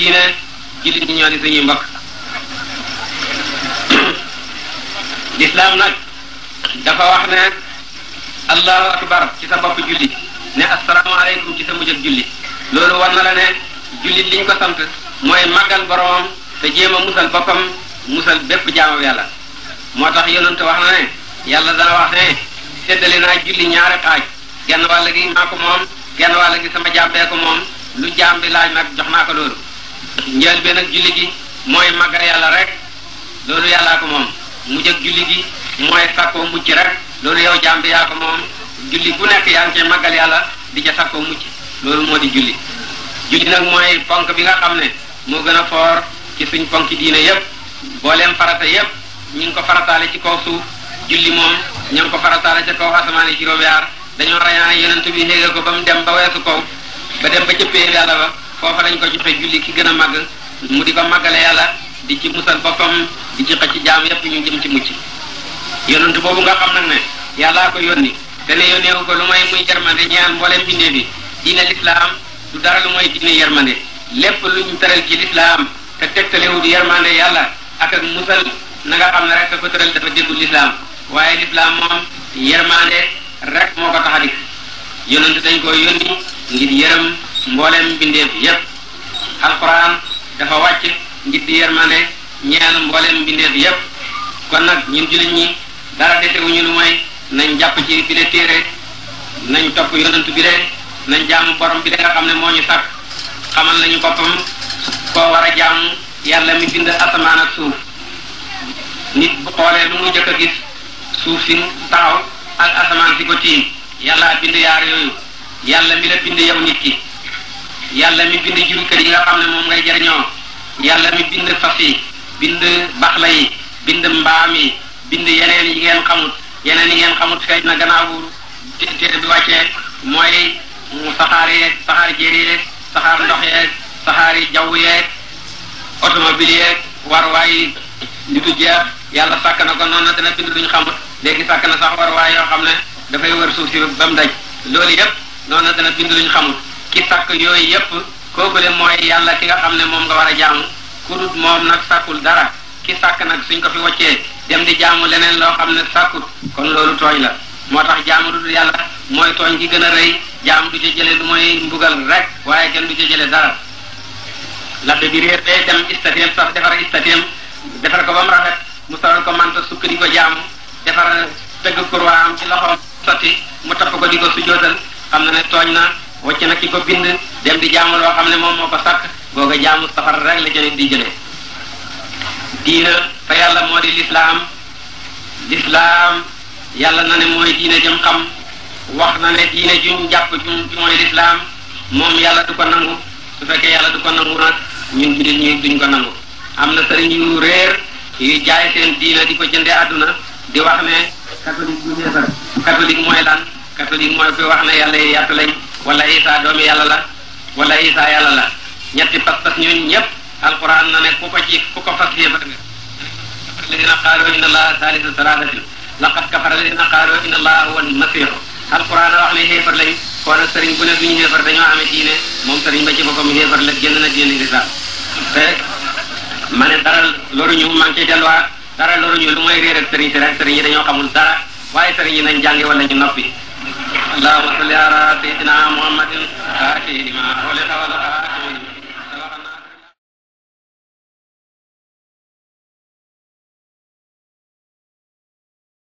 diine jullit ñi ñoo di suñuy mbokk lislaam nag dafa wax ne allahu akbar ci sa bopp julli ne asalaamaaleykum ci sa mujjëg julli loolu war na la ne jullit liñ ko sant mooy màggal boromam te jéem a musal boppam musal bépp jaamam yàlla moo tax yonent wax na ne yàlla dana wax ne séddale naa julli ñaari xaaj genn wàll gi maa ko moom genn wàll gi sama jaam ko moom lu jaam bi laaj nag jox naa ko loolu njaal bee nag julli gi mooy màggal yàlla rek loolu yàllaa ko moom mu jëg julli gi mooy sàkkoo mucc rek loolu yow jaam bi yaa ko moom julli bu nekk yaa ngi cay màggal yàlla di ca sàkkoo mucc loolu moo di julli julli nag mooy ponk bi nga xam ne moo gën a foor ci suñ ponk diine yépp booleem farata yépp ñu ngi ko farataale ci kaw suuf julli moom ña ko farataale ca kaw asamaan yi juróom-yaar dañoo rayaane yonent bi xéega ko ba mu dem ba weesu kaw ba dem ba ca péer foofa lañ ko ci fekk julli ki gën a màgg mu di ko màggale yàlla di ci musal boppam di ci xëcc jaam yépp ñu jëm ci mucc yonent boobu nga xam nag ne yàllaa ko yónni te ne yónneewu ko lu may muy yermande ñaan mbooleem bindee bi diine lislaam du dara lu may diine yermande lépp lu ñu tëral ci lislaam te tegtalewu di yermande yàlla ak ak musal na nga xam ne rek dafa tëral dafa déggu lislaam waaye lislaam moom yermande rek moo ko tax a dikk yonent dañ ko yónni mboolem mbindeef yépp alquran dafa wacc ngir di yermane ñeel mboolem mbindeef yépp kon nak ñun jullit ñi dara dété desewuñu lu mooy nañ japp ci bi le téere nañ top yonentu bi de nañ jamm borom bi de nga xam ne moo ñu sàkk xamal nañu boppam koo war a jaamu yàlla mi bind asman ak suuf nit bu xolé lu mu jëkk gis suuf si taw ak asman ci ko tiim yalla bind yaar yoyu yalla mi la bind yow nit ki yàlla mi bind jurukat yi nga xam ne moom ngay jariñoo yàlla mi bind faf yi bind baxla yi bind mbaam yi bind yeneen yi ngeen xamut yeneen yi ngeen xamut feeñ na gannaaw bu téere bi wàccee mooy saxaar yeeg saxaar jéer yeeg saxaar ndox yeeg saxaar yi jaw yeeg automobile yeeg warwaay li du jeex yàlla sàkk na ko noonu na dana bind luñ xamut léegi sàkk na sax warwaay yoo xam ne dafay wër suuf si ba mu daj loolu yépp noonu na dana bind luñ xamut ki sàkk yooyu yépp koo de mooy yàlla ki nga xam ne moom nga war a jaamu ku dut moom nag sàkkul dara ki sàkk nag suñ ko fi waccee dem di jaamu leneen loo xam ne sàkkut kon loolu tooñ la moo tax jaamu du yàlla mooy tooñ gi gën a rëy jaamu du ca jële lu mooy mbugal rek waaye kenn du ca jële dara labe bi réer day dem istatéem sax defar istatéem defar ko ba mu rafet mu solal ko manta sukk di ko jaamu defar tëgg kurwaam ci loxoom sotti mu tapp ko di ko sujjóotal xam na ne na wocc nag ki ko bind dem di jaamu loo xam ne moom moo ko sàkk googa jaamu safar rek la jëriñ di jëlee diina fa yàlla moo di lislaam lislaam yàlla na ne mooy diine jëm xam wax na ne diina juñ jàpp juñ mooy lislaam moom yàlla du ko nangu su fekkee yàlla du ko nangu nag ñun jullit ñi duñ ko nangu am na sëriñ yu réer yu jaay seen diina di ko jëndee àdduna di wax ne catholique bu ñeesal catholique mooy lan catholique mooy koy wax ne yàlla yàtt lañ wala isa doomi yàlla la wala isa yàlla la ñetti pas-pas ñun ñëpp alquran na ne ku ko ci ku ko fas yéefar nga kafara alladina qaalu inna allaha salisu salatatin laqad kafara alladina qaalu inna allaha huwa almasihu alquran a wax ne xéefar lañ kon nag sëriñ bu ne duñu xéefar dañoo amee diine moom sëriñ ba ci boppam xéefar la génn na diine lislaam te ma ne dara loruñu maa ngi ciy delluwaat dara loruñu lu mooy réer ak sëriñ si rek sëriñ yi dañoo xamul dara waaye sëriñ yi nañ jàngi wala ñu noppi اللهم صل على سيدنا محمد فاته لما خلق وزرع